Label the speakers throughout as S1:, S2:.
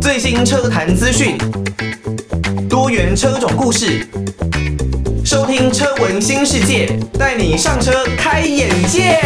S1: 最新車壇資訊，多元車種故事，收聽車聞新世界，帶你上車開眼界。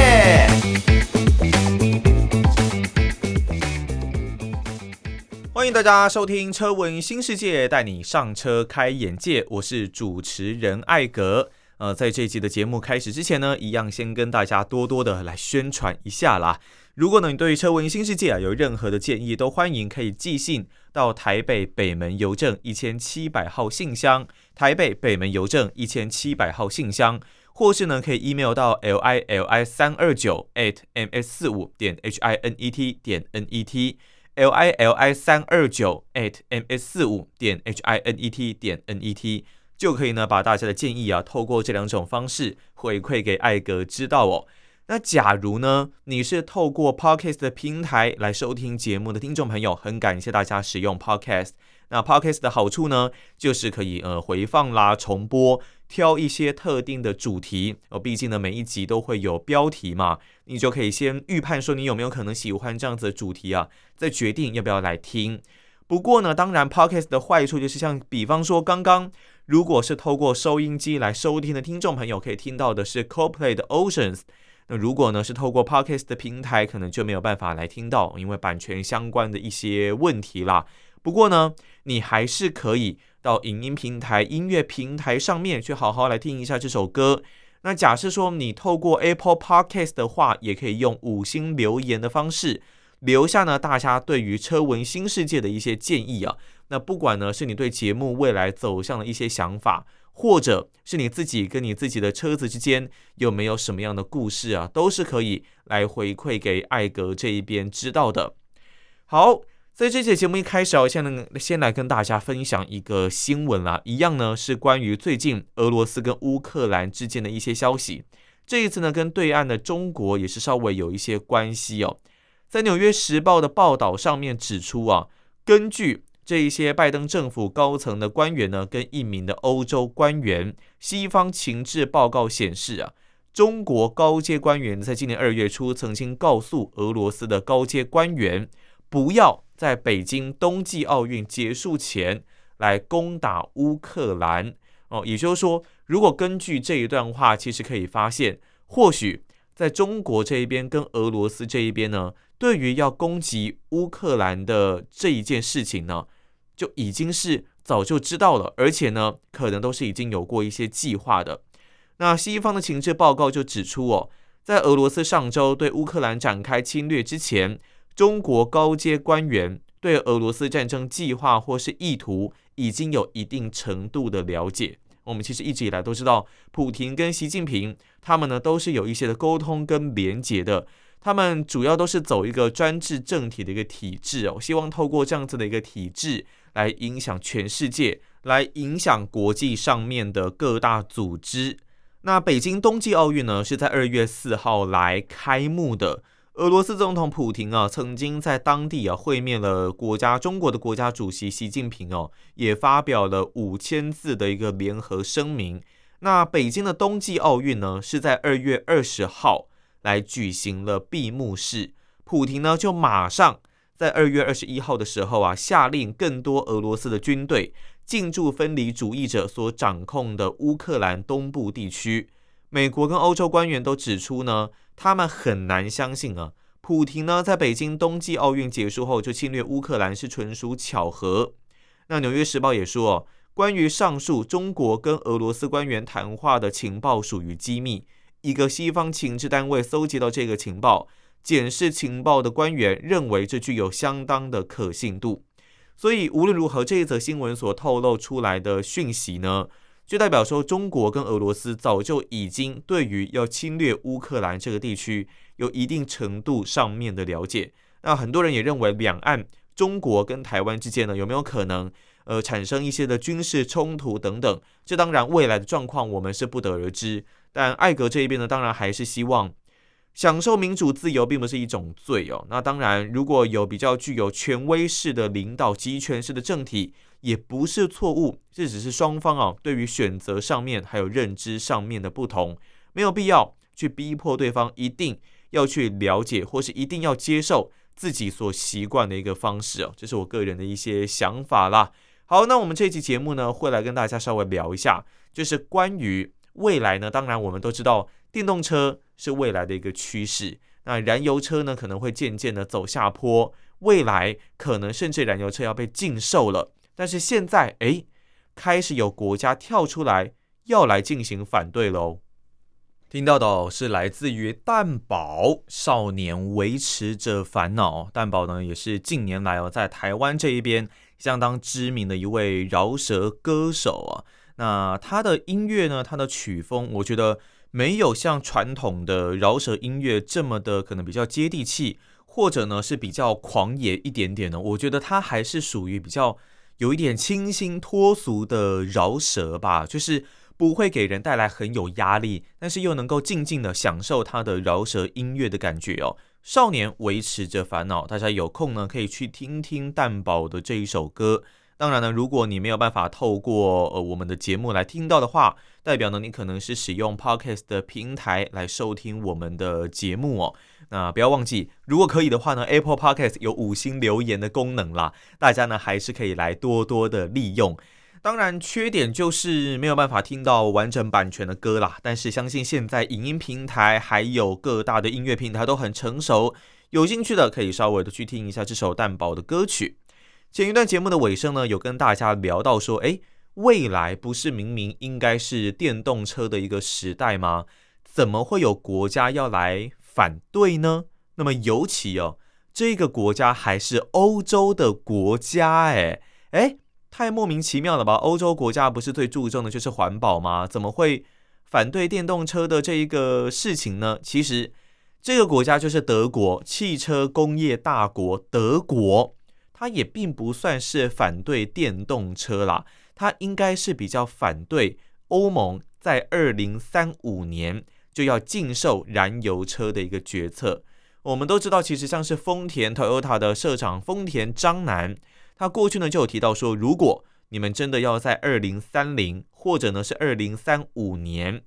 S1: 歡迎大家收聽車聞新世界，帶你上車開眼界，我是主持人艾格。呃，在這一集的節目開始之前呢，一樣先跟大家多多的來宣傳一下啦。如果呢，你對於《車聞新世界》啊有任何的建議，都歡迎可以寄信到台北北門郵政一千七百號信箱，台北北門郵政一千七百號信箱，或是呢可以 email 到 lili 三二九 at ms 四五點 hinet 點 net，lili 三二九 at ms 四五點 hinet 點 net I。就可以呢，把大家的建議啊，透過這兩種方式回饋給艾格知道哦。那假如呢，你是透過 Podcast 的平台來收聽節目的聽眾朋友，很感謝大家使用 Podcast。那 Podcast 的好處呢，就是可以呃回放啦、重播，挑一些特定的主題。哦，畢竟呢，每一集都會有標題嘛，你就可以先預判說你有沒有可能喜歡這樣子的主題啊，再決定要不要來聽。不過呢，當然 Podcast 的壞處就是像比方說剛剛，如果是透過收音機來收聽的聽眾朋友，可以聽到的是 Coldplay 的 Oceans。那如果呢是透過 Podcast 的平台，可能就沒有辦法來聽到，因為版權相關的一些問題啦。不過呢，你還是可以到影音平台、音樂平台上面去好好來聽一下這首歌。那假設說你透過 Apple Podcast 的話，也可以用五星留言的方式。留下呢，大家對於車文新世界的一些建議啊，那不管呢是你對節目未來走向的一些想法，或者是你自己跟你自己的車子之間有沒有什麼樣的故事啊，都是可以來回饋給艾格這一邊知道的。好，在這期節,節目一開始啊，先先來跟大家分享一個新聞啦，一樣呢是關於最近俄羅斯跟烏克蘭之間的一些消息，這一次呢跟對岸的中國也是稍微有一些關係哦。在《紐約時報》的報道上面指出啊，根據這一些拜登政府高層的官員呢，跟一名的歐洲官員，西方情治報告顯示啊，中國高階官員在今年二月初曾經告訴俄羅斯的高階官員，不要在北京冬季奧運結束前來攻打烏克蘭。哦，也就是說，如果根據這一段話，其實可以發現，或許。在中國這一邊跟俄羅斯這一邊呢，對於要攻擊烏克蘭的這一件事情呢，就已經是早就知道了，而且呢，可能都是已經有過一些計劃的。那西方的情治報告就指出哦，在俄羅斯上週對烏克蘭展開侵略之前，中國高階官員對俄羅斯戰爭計劃或是意圖已經有一定程度的了解。我們其實一直以來都知道，普丁跟習近平，他們呢都是有一些的溝通跟連結的。他們主要都是走一個專制政體的一個體制哦，希望透過這樣子的一個體制來影響全世界，來影響國際上面的各大組織。那北京冬季奧運呢，是在二月四號來開幕的。俄羅斯總統普京啊，曾經在當地啊會面了國家中國的國家主席習近平哦、啊，也發表了五千字的一個聯合聲明。那北京的冬季奧運呢，是在二月二十號來舉行了閉幕式。普京呢，就馬上在二月二十一號的時候啊，下令更多俄羅斯的軍隊進駐分離主義者所掌控的烏克蘭東部地區。美國跟歐洲官員都指出呢，他們很難相信啊，普丁呢在北京冬季奧運結束後就侵略烏克蘭是純屬巧合。那《紐約時報》也說，關於上述中國跟俄羅斯官員談話的情報屬於機密，一個西方情治單位蒐集到這個情報，檢視情報的官員認為這具有相當的可信度。所以無論如何，這一則新聞所透露出來的訊息呢，就代表說，中國跟俄羅斯早就已經對於要侵略烏克蘭這個地區有一定程度上面的了解。那很多人也認為，兩岸中國跟台灣之間呢，有沒有可能，呃，產生一些的軍事衝突等等？這當然未來的狀況我們是不得而知。但艾格這一邊呢，當然還是希望。享受民主自由並不是一種罪哦。那當然，如果有比較具有權威式的領導，集權式的政體，也不是錯誤。這只是雙方啊、哦、對於選擇上面還有認知上面的不同，沒有必要去逼迫對方一定要去了解或是一定要接受自己所習慣的一個方式哦。這是我個人的一些想法啦。好，那我們這期節目呢會來跟大家稍微聊一下，就是關於未來呢。當然，我們都知道電動車。是未來的一個趨勢。那燃油車呢，可能會漸漸的走下坡，未來可能甚至燃油車要被禁售了。但是現在，哎，開始有國家跳出來要來進行反對嘍。聽到的、哦、是來自於蛋堡，少年維持着煩惱。蛋堡呢，也是近年來哦在台灣這一邊相當知名的一位饒舌歌手啊。那他的音樂呢，他的曲風，我覺得。沒有像傳統的饒舌音樂這麼的，可能比較接地氣，或者呢是比較狂野一點點的，我覺得它還是屬於比較有一點清新脫俗的饒舌吧，就是不會給人帶來很有壓力，但是又能夠靜靜的享受它的饒舌音樂的感覺哦。少年維持着煩惱，大家有空呢可以去聽聽蛋寶的這一首歌。當然呢，如果你沒有辦法透過呃我們的節目來聽到的話，代表呢你可能是使用 Podcast 的平台來收聽我們的節目哦。那不要忘記，如果可以的話呢，Apple Podcast 有五星留言的功能啦，大家呢還是可以來多多的利用。當然，缺點就是沒有辦法聽到完整版權的歌啦。但是相信現在影音平台還有各大的音樂平台都很成熟，有興趣的可以稍微的去聽一下這首蛋堡的歌曲。前一段節目的尾聲呢，有跟大家聊到說，哎，未來不是明明應該是電動車的一個時代嗎？怎麼會有國家要來反對呢？那麼尤其哦，這個國家還是歐洲的國家誒，哎哎，太莫名其妙了吧？歐洲國家不是最注重的就是環保嗎？怎麼會反對電動車的這一個事情呢？其實這個國家就是德國，汽車工業大國，德國。他也並不算是反對電動車啦，他應該是比較反對歐盟在二零三五年就要禁售燃油車的一個決策。我們都知道，其實像是豐田 Toyota 的社長豐田章男，他過去呢就有提到說，如果你們真的要在二零三零或者呢是二零三五年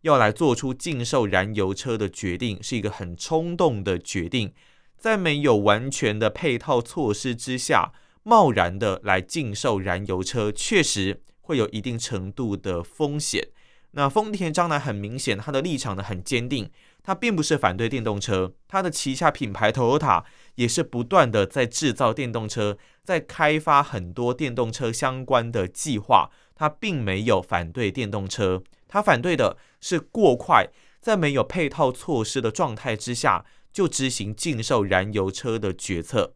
S1: 要來做出禁售燃油車的決定，是一個很衝動的決定。在沒有完全的配套措施之下，貿然的來禁售燃油車，確實會有一定程度的風險。那豐田章男很明顯，他的立場呢很堅定，他並不是反對電動車，他的旗下品牌 Toyota 也是不斷的在制造電動車，在開發很多電動車相關的計劃，他並沒有反對電動車，他反對的是過快，在沒有配套措施的狀態之下。就執行禁售燃油車的決策。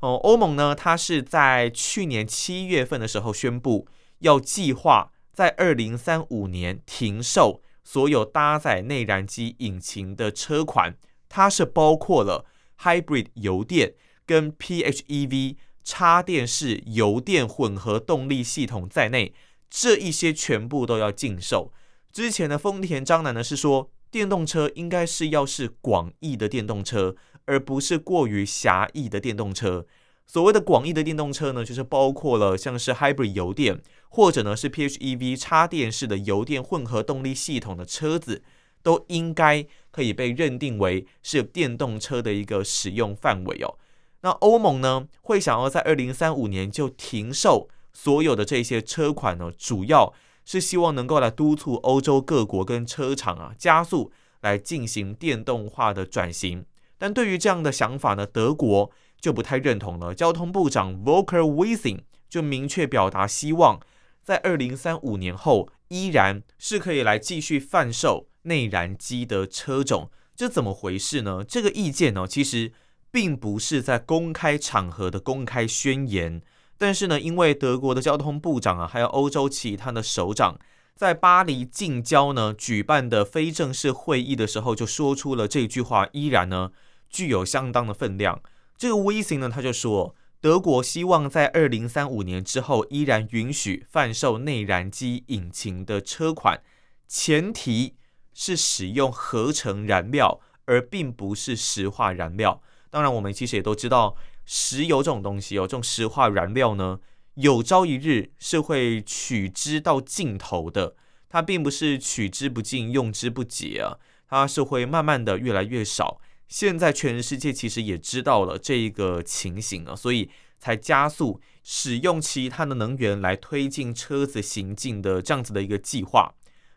S1: 哦，歐盟呢，它是在去年七月份的時候宣布，要計劃在二零三五年停售所有搭載內燃機引擎的車款。它是包括了 hybrid 油電跟 PHEV 插電式油電混合動力系統在內，這一些全部都要禁售。之前的豐田章男呢是說，電動車應該是要是廣義的電動車，而不是過於狹義的電動車。所謂的廣義的電動車呢，就是包括了像是 hybrid 油電，或者呢是 PHEV 插電式的油電混合動力系統的車子，都應該可以被認定為是電動車的一個使用範圍哦。那歐盟呢，會想要在二零三五年就停售所有的這些車款呢，主要。是希望能夠來督促歐洲各國跟車廠啊，加速來進行電動化的轉型，但對於這樣的想法呢，德國就不太認同了。交通部長 Volker Wissing 就明確表達，希望在二零三五年後依然是可以來繼續販售內燃機的車種，這怎麼回事呢？這個意見呢、哦，其實並不是在公開場合的公開宣言。但是呢，因為德國的交通部長啊，還有歐洲其他的首長，在巴黎近郊呢舉辦的非正式會議的時候，就說出了這句話，依然呢具有相當的分量。這個威辛呢，他就說，德國希望在二零三五年之後依然允許販售內燃機引擎的車款，前提是使用合成燃料，而並不是石化燃料。當然，我們其實也都知道。石油這種東西哦，這種石化燃料呢，有朝一日是會取之到盡頭的，它並不是取之不盡，用之不竭啊，它是會慢慢的越來越少。現在全世界其實也知道了這一個情形啊，所以才加速使用其他的能源來推進車子行進的這樣子的一個計劃。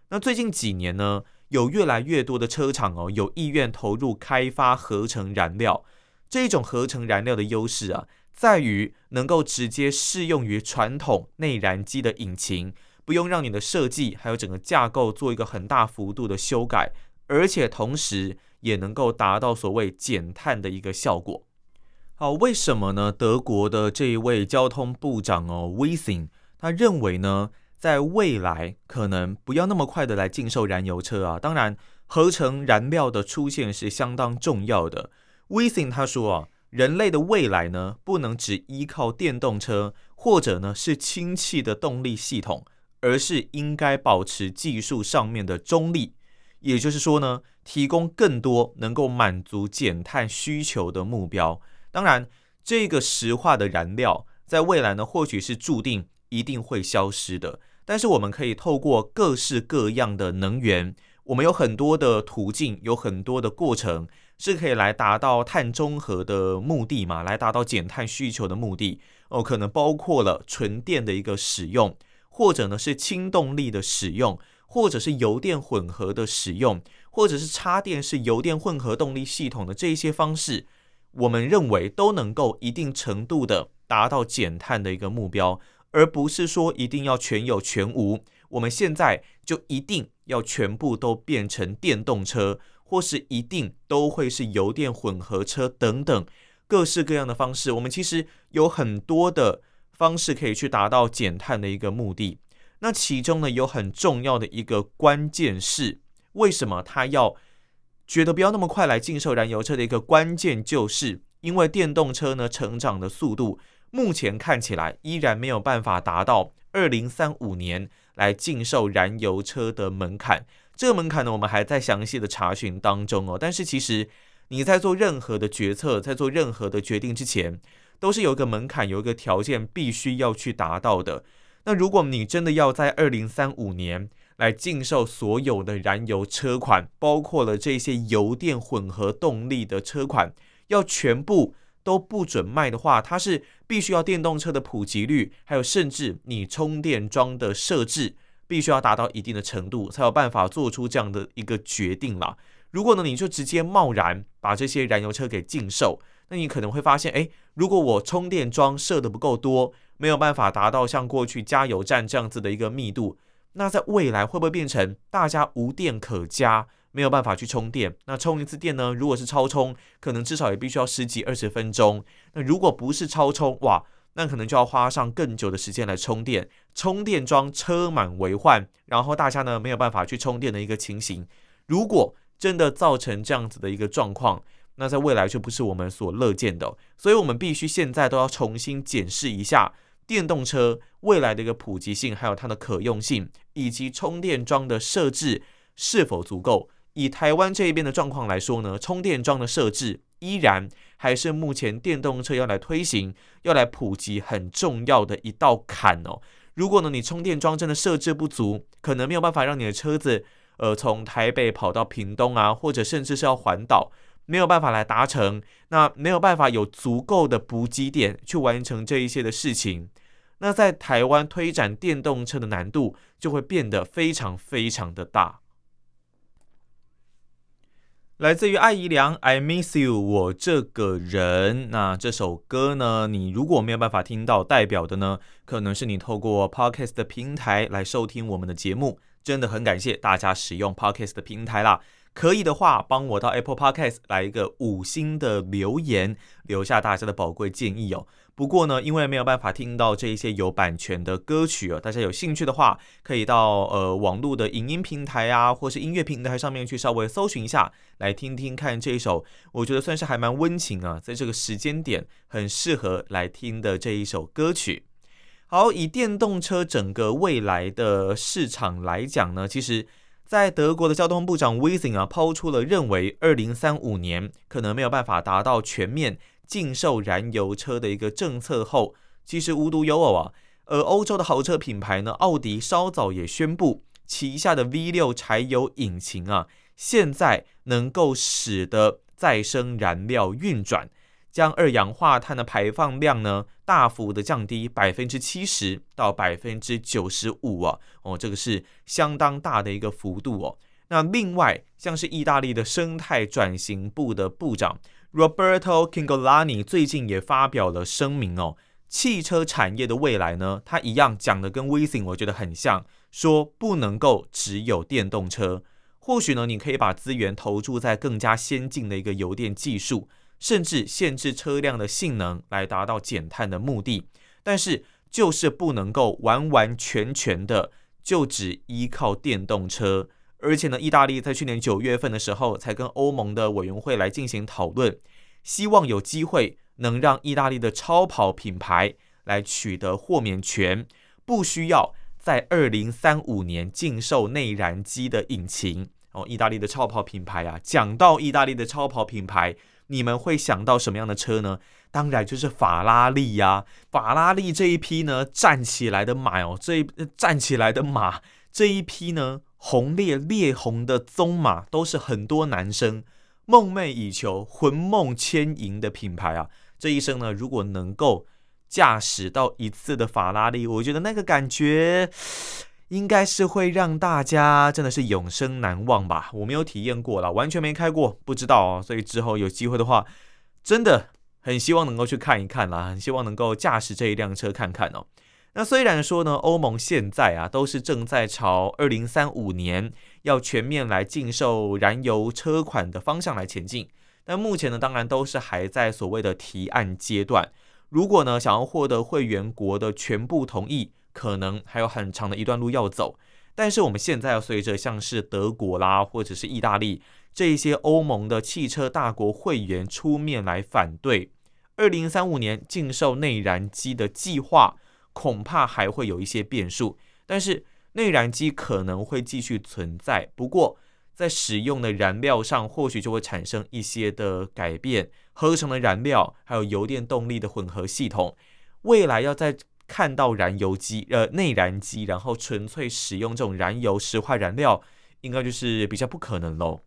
S1: 那最近幾年呢，有越來越多的車廠哦，有意願投入開發合成燃料。這一種合成燃料的優勢啊，在於能夠直接適用於傳統內燃機的引擎，不用讓你的設計還有整個架構做一個很大幅度的修改，而且同時也能夠達到所謂減碳的一個效果。好，為什麼呢？德國的這一位交通部長哦，Wissing，他認為呢，在未來可能不要那麼快的來禁售燃油車啊，當然，合成燃料的出現是相當重要的。威森他說啊，人類的未來呢，不能只依靠電動車或者呢是氫氣的動力系統，而是應該保持技術上面的中立。也就是說呢，提供更多能夠滿足減碳需求的目標。當然，這個石化的燃料在未來呢，或許是注定一定會消失的。但是我們可以透過各式各樣的能源，我們有很多的途徑，有很多的過程。是可以來達到碳中和的目的嘛，來達到減碳需求的目的哦，可能包括了純電的一個使用，或者呢是氫動力的使用，或者是油電混合的使用，或者是插電式油電混合動力系統的這一些方式，我們認為都能夠一定程度的達到減碳的一個目標，而不是說一定要全有全無。我們現在就一定要全部都變成電動車。或是一定都會是油電混合車等等各式各樣的方式，我們其實有很多的方式可以去達到減碳的一個目的。那其中呢，有很重要的一個關鍵是，為什麼他要覺得不要那麼快來禁售燃油車的一個關鍵，就是因為電動車呢成長的速度目前看起來依然沒有辦法達到二零三五年來禁售燃油車的門檻。這個門檻呢，我們還在詳細的查詢當中哦。但是其實你在做任何的決策，在做任何的決定之前，都是有一個門檻，有一個條件必須要去達到的。那如果你真的要在二零三五年來禁售所有的燃油車款，包括了這些油電混合動力的車款，要全部都不准賣的話，它是必須要電動車的普及率，還有甚至你充電樁的設置。必須要達到一定的程度，才有辦法做出這樣的一個決定啦。如果呢，你就直接貿然把這些燃油車給禁售，那你可能會發現，哎、欸，如果我充電樁設的不夠多，沒有辦法達到像過去加油站這樣子的一個密度，那在未來會不會變成大家無電可加，沒有辦法去充電？那充一次電呢？如果是超充，可能至少也必須要十幾二十分鐘。那如果不是超充，哇！那可能就要花上更久的時間來充電，充電樁車滿為患，然後大家呢沒有辦法去充電的一個情形。如果真的造成這樣子的一個狀況，那在未來就不是我們所樂見的。所以我們必須現在都要重新檢視一下電動車未來的一個普及性，還有它的可用性，以及充電樁的設置是否足夠。以台灣這一邊的狀況來說呢，充電樁的設置依然。還是目前電動車要來推行，要來普及很重要的一道坎哦。如果呢，你充電樁真的設置不足，可能沒有辦法讓你的車子，呃，從台北跑到屏東啊，或者甚至是要環島，沒有辦法來達成，那沒有辦法有足夠的補給點去完成這一些的事情，那在台灣推展電動車的難度就會變得非常非常的大。來自於艾怡良，I miss you。我這個人，那這首歌呢，你如果沒有辦法聽到，代表的呢，可能是你透過 Podcast 的平台來收聽我們的節目。真的很感謝大家使用 Podcast 的平台啦！可以的話，幫我到 Apple Podcast 來一個五星的留言，留下大家的寶貴建議哦。不過呢，因為沒有辦法聽到這一些有版權的歌曲啊，大家有興趣的話，可以到呃網絡的影音平台啊，或是音樂平台上面去稍微搜尋一下，來聽聽看這一首，我覺得算是還蠻溫情啊，在這個時間點很適合來聽的這一首歌曲。好，以電動車整個未來的市場來講呢，其實在德國的交通部長 Wissing 啊，拋出了認為二零三五年可能沒有辦法達到全面。禁售燃油車的一個政策後，其實無獨有偶啊，而歐洲的豪車品牌呢，奧迪稍早也宣布，旗下的 V 六柴油引擎啊，現在能夠使得再生燃料運轉，將二氧化碳的排放量呢，大幅的降低百分之七十到百分之九十五啊，哦，這個是相當大的一個幅度哦。那另外，像是意大利的生態轉型部的部長。Roberto Cingolani 最近也發表了聲明哦，汽車產業的未來呢，他一樣講的跟 Wissing 我覺得很像，說不能夠只有電動車，或許呢你可以把資源投注在更加先進的一個油電技術，甚至限制車輛的性能來達到減碳的目的，但是就是不能夠完完全全的就只依靠電動車。而且呢，意大利在去年九月份的時候，才跟歐盟的委員會來進行討論，希望有機會能讓意大利的超跑品牌來取得豁免權，不需要在二零三五年禁售內燃機的引擎。哦，意大利的超跑品牌啊，講到意大利的超跑品牌，你們會想到什麼樣的車呢？當然就是法拉利呀、啊！法拉利這一匹呢，站起來的馬哦，這一站起來的馬，這一匹呢。紅烈烈紅的棕馬，都是很多男生夢寐以求、魂夢牽引的品牌啊！這一生呢，如果能夠駕駛到一次的法拉利，我覺得那個感覺應該是會讓大家真的是永生難忘吧。我沒有體驗過了，完全沒開過，不知道哦，所以之後有機會的話，真的很希望能夠去看一看啦，很希望能夠駕駛這一輛車看看哦。那雖然說呢，歐盟現在啊都是正在朝二零三五年要全面來禁售燃油車款的方向來前進，但目前呢，當然都是還在所謂的提案階段。如果呢想要獲得會員國的全部同意，可能還有很長的一段路要走。但是我們現在要隨着像是德國啦，或者是意大利這些歐盟的汽車大國會員出面來反對二零三五年禁售內燃機的計劃。恐怕還會有一些變數，但是內燃機可能會繼續存在，不過在使用的燃料上，或許就會產生一些的改變，合成的燃料，還有油電動力的混合系統，未來要再看到燃油機，呃，內燃機，然後純粹使用這種燃油石化燃料，應該就是比較不可能嘍。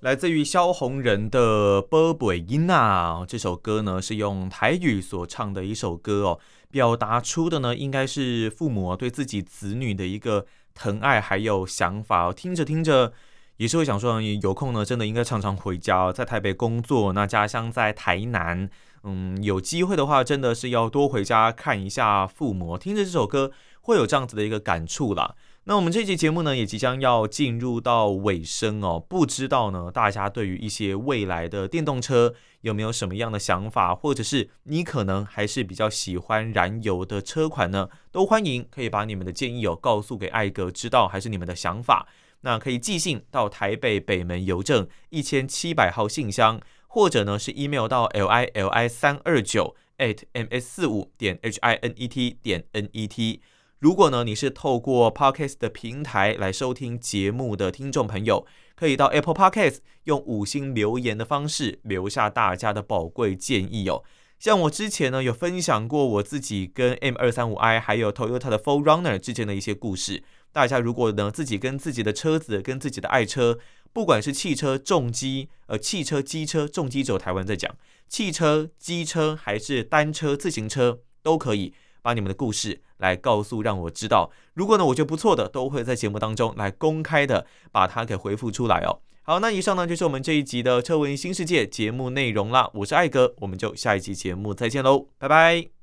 S1: 來自於蕭紅人的《伯貝因娜》這首歌呢，是用台語所唱的一首歌哦。表達出的呢，應該是父母啊，對自己子女的一個疼愛，還有想法。聽着聽着，也是會想說，有空呢，真的應該常常回家。在台北工作，那家鄉在台南，嗯，有機會的話，真的是要多回家看一下父母。聽着這首歌，會有這樣子的一個感觸啦。那我們這期節目呢，也即將要進入到尾聲哦。不知道呢，大家對於一些未來的電動車有沒有什麼樣的想法，或者是你可能還是比較喜歡燃油的車款呢？都歡迎可以把你們的建議哦告訴給艾格知道，還是你們的想法，那可以寄信到台北北門郵政一千七百號信箱，或者呢是 email 到 l i l i 三二九 at m s 四五點 h i n e t 點 n e t。如果呢，你是透過 Podcast 的平台來收聽節目的聽眾朋友，可以到 Apple Podcast 用五星留言的方式留下大家的寶貴建議哦。像我之前呢，有分享過我自己跟 M235i 還有 Toyota 的 4Runner 之間的一些故事。大家如果呢，自己跟自己的車子、跟自己的愛車，不管是汽車、重機、呃汽車、機車、重機，只有台灣在講，汽車、機車還是單車、自行車都可以。把你們的故事來告訴，讓我知道。如果呢，我覺得不錯的，都會在節目當中來公開的把它給回復出來哦。好，那以上呢，就是我們這一集的車聞新世界節目內容啦。我是艾格，我們就下一集節目再見嘍，拜拜。